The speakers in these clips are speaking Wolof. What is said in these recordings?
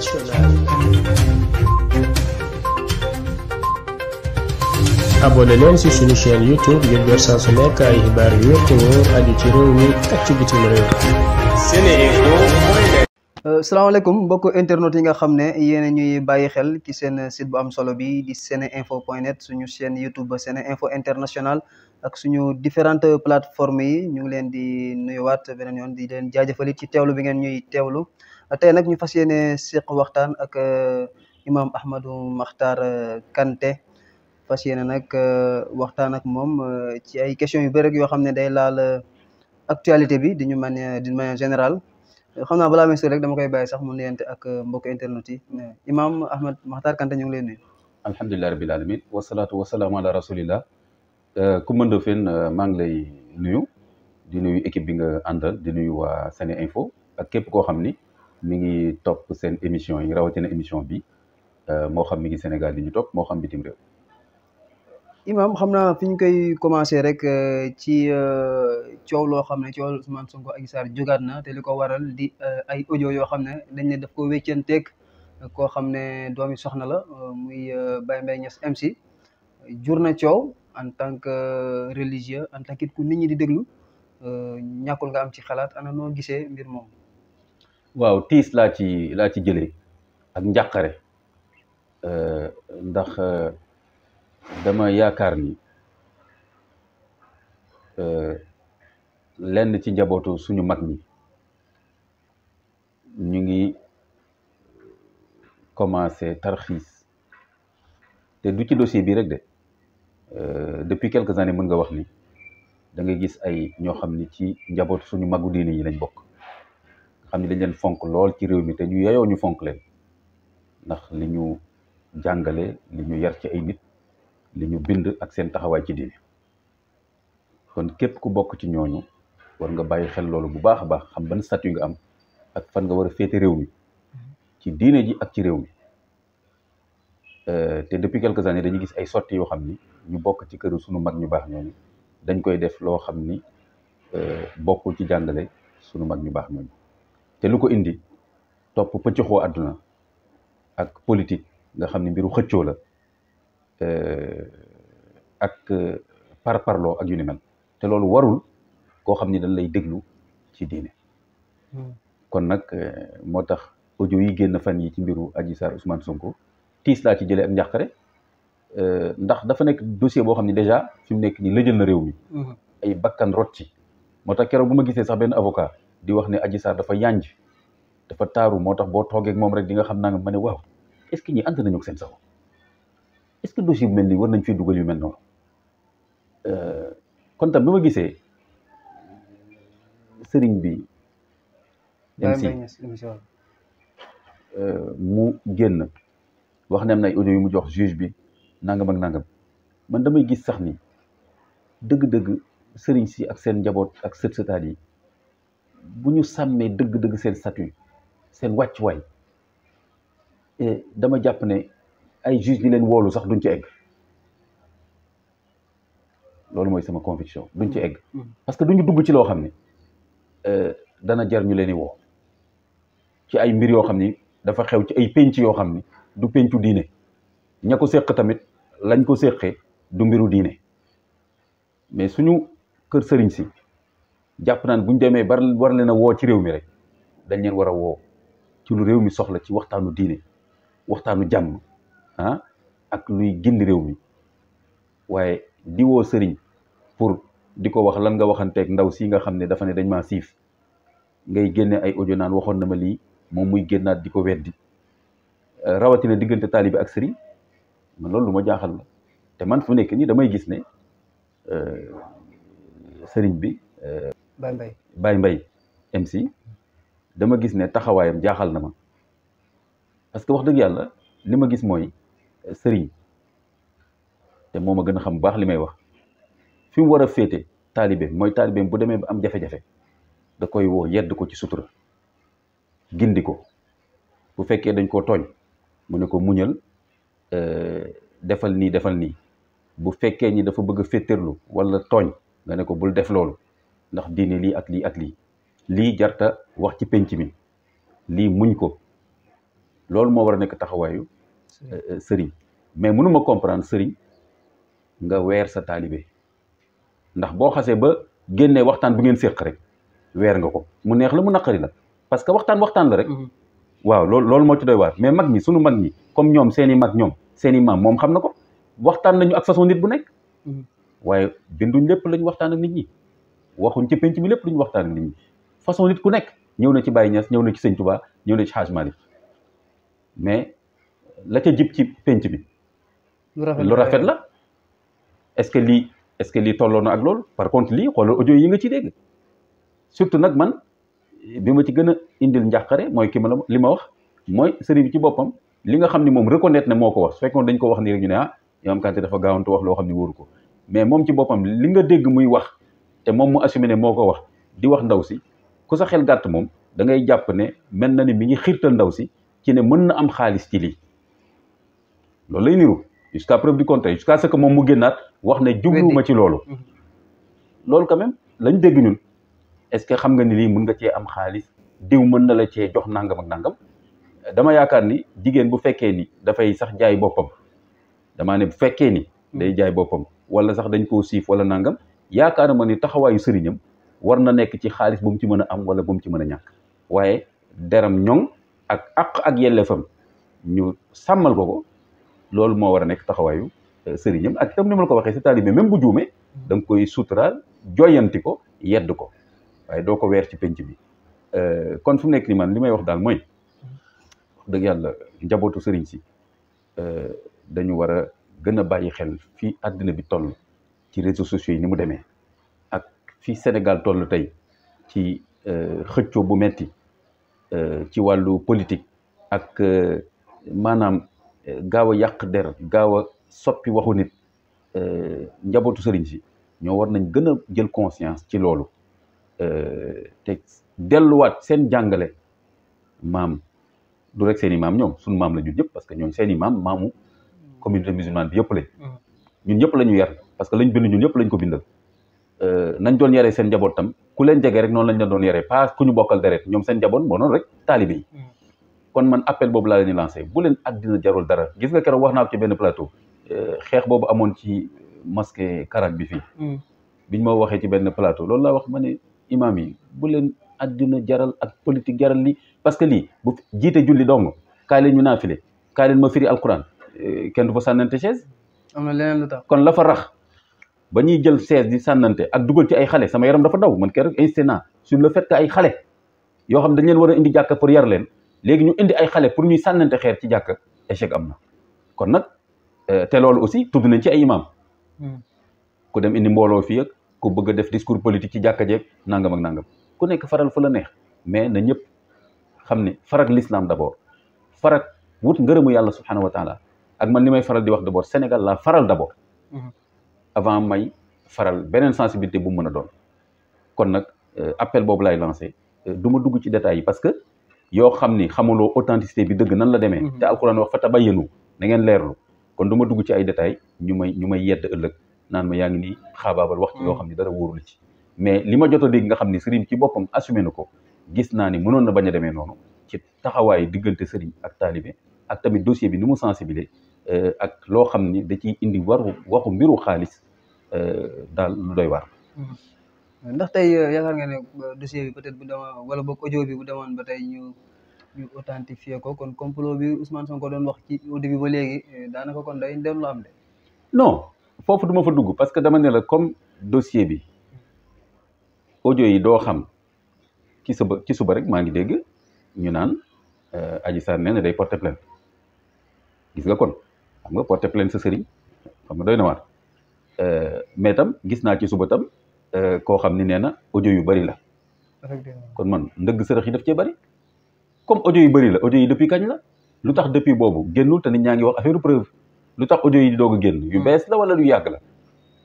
internationale. abonné leen ci suñu chaîne youtube ngir jot saa su nekk ay xibaar yu wér te wóor ci réew mi ak ci bitim réew. Euh, salaamaaleykum mbokk internet yi nga xam ne yéen a ñuy bàyyi xel ci seen site bu am solo bi di seneinfo point net suñu chaîne youtube seneinfo international ak suñu différentes plateformes yi ñu ngi leen di nuyuwaat beneen yoon di leen jaajëfalit ci teewlu bi ngeen ñuy teewlu. tey nag ñu fas yéene seq waxtaan ak euh, imam Ahmadou Makhtar euh, kante fas yéene nag euh, waxtaan ak moom ci ay questions yu bëri yoo xam ne day laal actualité bi di ñu manière d'une manière générale xam naa balaa may sori rek dama koy bàyyi sax mu nuyante ak mbokk internet yi imam Ahmad Makhtar kante ñu ngi lay nuyu. alhamdulilah rabil alamin wasalaatu wasalaamu ala rasulillah Coumba Ndoffène maa ngi lay nuyu di nuyu équipe bi nga àndal di nuyu wa Sene Info ak képp koo xam ni. mi ngi topp seen émission yi rawatina émission bi euh, moo xam mi ngi Sénégal di ñu topp moo xam bitim réew. Imaam xam naa fi ñu koy commencé rek euh, ci euh, coow loo xam ne coow Ousmane Sonko Adji Sarr jógaat na te li ko waral di ay audio yoo xam ne dañ ne daf ko wéccanteeg koo xam ne doomi soxna la muy Baye Mbaye Niass MC jur na coow en tant que religieux en tant que ku nit ñi di déglu ñàkkul nga am ci xalaat ana noo gisee mbir moom. waaw tiis laa ci laa ci jëlee ak njàqare euh, ndax euh, dama yaakaar ni euh, lenn ci njabootu suñu mag ñi ñu ngi commencé tarxiis te du ci dossier bi rek de depuis quelques années mën nga wax ni da nga gis ay ñoo xam ni ci njabootu suñu magu diine yi lañ bokk xam ne dañ leen fonk lool ci réew mi te ñu yeyoo ñu fonk leen ndax li ñu jàngale li ñu yar ci ay nit li ñu bind ak seen taxawaay ci diine kon képp ku bokk ci ñooñu war nga bàyyi xel loolu bu baax a baax xam ban statut nga am ak fan nga war a féete réew mi ci diine ji ak ci réew mi euh, te depuis quelques années dañu gis ay sotti yoo xam ni ñu bokk ci kër sunu mag ñu baax ñooñu dañ koy def loo xam ni euh, bokkul ci jàngale sunu mag ñu baax ñooñu te lu ko indi topp pëccëxoo àdduna ak politique nga xam ne mbiru xëccoo la eh, ak eh, parparloo ak yu ni mel te loolu warul koo xam ni dañ lay déglu ci diine hmm. kon nag eh, moo tax audio yi génn fan yi ci mbiru Adji Sarr Ousmane Sonko tiis laa ci jëlee ak njàqare ndax dafa nekk dossier boo xam ne déjà fi mu nekk nii lëjël na réew mi hmm. ay bakkan rot ci moo tax keroog bu ma gisee sax benn avocat di wax ne Adji Sarr dafa yànj dafa taaru moo tax boo toogee moom rek di nga xam naa nga ma ne waaw est-ce que ñi ànd nañu ak seen sago est-ce que dossier bu mel ni war nañ fiy dugal yu mel noonu euh, kon tam bi ma gisee sëriñ bi. MC euh, mu génn wax ne am na ay audio yu mu jox juge bi nangam ak nangam man damay gis sax ni dëgg-dëgg sëriñ si ak seen njaboot ak sët sëtaat yi. bu ñu sàmmee dëgg-dëgg seen satu seen wàccuwaay eh, dama jàpp ne ay juge di leen woolu sax duñ ci egg loolu mooy sama conviction duñ ci egg mm-hmm. parce que duñu dugg ci loo xam ne eh, dana jar ñu leen di woo ci ay mbir yoo xam ni dafa xew ci ay pénc yoo xam ni du péncu diine ña ko séq tamit lañ ko séqee du mbiru diine mais suñu kër sëriñ si jàpp naan bu ñu demee bar war leen a woo ci réew mi rek dañ leen war a woo ci lu réew mi soxla ci waxtaanu diine waxtaanu jàmm ah ak luy gindi réew mi waaye di woo sëriñ pour di ko wax lan nga waxanteeg ndaw si nga xam ne dafa ne dañ maa siif ngay génne ay audio naan waxoon na ma lii moom muy génnaat di ko weddi rawatina diggante taalibi ak sëriñ loolu lu ma jaaxal la te man fu nekk nii damay gis ne euh, sëriñ bi. Euh, mbay Mbaye mbay Mbaye MC dama gis ne taxawaayam jaaxal na ma parce que wax dëgg yàlla li ma gis mooy euh, sëriñ te moom ma gën a xam bu baax li may wax fi mu war a féete taalibeem mooy taalibeem bu demee am jafe-jafe da koy woo yedd ko ci sutura gindi ko bu fekkee dañ koo tooñ mu ne ko muñal euh, defal nii defal nii bu fekkee ni dafa bëgg a féttéerlu wala tooñ nga ne ko bul def loolu ndax diine lii ak lii ak lii lii jarta wax ci penc mi lii muñ ko loolu moo war a nekk taxawaayu sëriñ euh, euh, mais mënuma comprendre sëriñ nga weer sa taalibe ndax boo xasee ba génnee waxtaan bu ngeen séq rek weer nga ko mu neex la mu naqari la parce que waxtaan waxtaan la rek mm-hmm. waaw loolu loolu moo ci doy waar mais mag ñi sunu mag ñi comme ñoom seen i mag ñoom seeni maam moom xam na ko waxtaan nañu ak façon nit bu nekk mm-hmm. waaye binduñ lépp lañ waxtaan ak nit ñi waxuñ ci penc mi lépp lu waxtaan nit ñi façon nit ku nekk ñëw na ci Baye ñaas ñëw na ci sañ Touba ñëw na ci Hadj Malick mais la ca jib ci pénc bi lu rafet la est-ce que lii est que lii tolloo ak lool par contre li xoolal audio yi nga ci dégg surtout nag man bi ma ci gën a indil njàqare mooy ki ma la li ma wax mooy sëriñ bi ci boppam li nga xam ne moom reconnaître ne moo ko wax su fekkoon dañ ko wax nii rek ñu ne ah Imam Kanté dafa gaawantu wax loo xam ne wóoru ko mais moom ci boppam li nga dégg muy wax te moom mu assumé ne moo ko wax di wax ndaw si ku sa xel gàtt moom da ngay jàpp ne mel na ni mi ngi xiirtal ndaw si ci ne mën na am xaalis ci lii loolu lay niru jusqu'à preuve du contraire jusqu'à que moom mu génnaat wax ne jubluwuma ci loolu mm-hmm. loolu quand même lañ dégg ñun est-ce que xam nga ni lii mën nga cee am xaalis diw mën na la cee jox nangam ak nangam dama yaakaar ni jigéen bu fekkee ni dafay sax jaay boppam damaa ne bu fekkee ni mm-hmm. day jaay boppam wala sax dañ koo siif wala nangam yaakaar ma ni taxawaayu sëriñam war na nekk ci xaalis bu mu ci mën a am wala bu mu ci mën a ñàkk waaye deram ñoŋ ak àq ak yelleefam ñu sàmmal ko ko loolu moo war a nekk taxawaayu euh, sëriñam ak itam ma la ko waxee si taalibe même bu juumee da koy suturaal joyanti ko yedd ko waaye doo ko weer ci pénc bi euh, kon fu mu nekk ni man li may wax daal mooy wax dëgg yàlla njabootu sëriñ si euh, dañu war a gën a bàyyi xel fii àddina bi toll ci réseaux sociaux yi ni mu demee ak fii Sénégal toll tey ci euh, xëccoo bu metti euh, ci wàllu politique ak euh, maanaam gaaw a yàq der gaaw a soppi waxu nit njabootu sëriñ si ñoo war nañ gën a jël conscience ci loolu te delluwaat seen jàngale maam du rek seen i maam ñoom suñu maam la ñun ñëpp parce que ñoom seen maam maamu communauté musulmane bi yëpp lañ mm-hmm. ñun yëpp la ñu yar parce que lañ bind ñun yëpp lañ ko bindal euh, nañ doon yaree seen njaboot tam ku leen jege rek noonu lañ la doon yaree pas ku ñu bokkal deret ñoom seen njaboot moo rek taalibe hmm. kon man appel boobu laa leen di bu leen àddina jarul dara gis nga keroog wax naa ko ci euh, amoon ci mosquée Karak bi fii hmm. biñ ma waxee ci benn plateau loolu la wax ma ne imaam yi bu leen àddina jaral ak politique jaral li parce que lii bu jiite julli dong kaay leen ñu naafile kaay leen ma firi alquran euh, kenn du fa sànnante ba ñuy jël chaise di sànnante ak dugal ci ay xale sama yaram dafa daw man keroog insisté naa su le fait que ay xale yoo xam da leen war a indi jàkka pour yar leen léegi ñu indi ay xale pour ñuy sànnante xeer ci jàkka échec am na kon nag euh, te loolu aussi tudd nañ ci ay imam hmm. ku dem indi mbooloo fii ak ku bëgg a def discours politique ci jàkka jeeg nangam ak ku nekk faral fu la neex mais na ñëpp xam ne farak l'islam d'abord farak wut ngërëmu yàlla subhanahu wa taala ak man li may faral di wax d'abord Sénégal la faral d'abord hmm. avant may faral beneen sensibilité bu mu mën a doon kon nag euh, appel boobu laay lancé euh, du ma dugg ci détails yi parce que yoo xam ni xamuloo authenticité bi dëgg nan la demee mhm. te alxuraan wax fa tabayyanu na ngeen leerlu kon du ma dugg ci ay détails ñu may ñu may yedd ëllëg naan ma yaa ngi nii xaabaabal wax ci yoo mhm. xam ni dara wóorul ci mais li ma jot a dégg nga xam ni sëriñ ci boppam assumé na ko gis naa ni mënoon na bañ a demee noonu ci taxawaayu diggante sëriñ ak taalibe ak tamit dossier bi ni mu sensibiliser Euh, ak loo xam ni da ciy indi war waxu mbiru xaalis euh, daal lu doy waar. Hmm. ndax tey euh, yaakaar nga ne dossier bi peut-être bu demoon wala boog audio bi bu demoon ba tey ñu ñu authentifié ko kon complot bi Ousmane Sonko doon wax ci o début ba léegi daanaka kon day dem lu am de. non foofu duma fa dugg parce que dama ne la comme dossier bi ojo yi doo xam ci suba ci suba rek maa ngi dégg ñu naan Adji Sarr nee na day porter plainte gis nga kon. xam nga porté plainte sa sëriñ xam nga doy na waar euh, mais tam gis naa ci suba tam euh, koo xam ni nee na audio yu bëri la. kon man ndëgg sërëx yi def cee bari comme audio yu bëri la audio yi depuis kañ la lu tax depuis boobu génnu te nit ñaa ngi wax affaire preuve lu tax audio yi doog a génn. yu hmm. bees la wala lu yàgg la.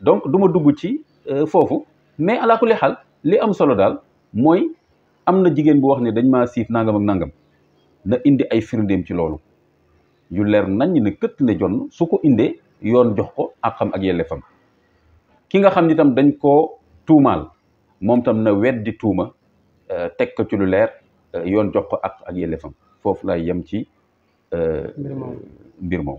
donc du ma dugg ci euh, foofu mais alaa kulli xaal li am solo daal mooy am na jigéen bu wax ne dañ ma siif nangam ak nangam na indi ay firndeem ci loolu. yu leer nañ ne këtt ne jonn su ko indee yoon jox ko ak xam ak yelleefam ki nga xam ni tam dañ koo tuumaal moom tam na weddi tuuma euh, teg ko ci lu leer euh, yoon jox ko ak ak yelleefam foofu laay yem ci euh, mbir moom mbir moom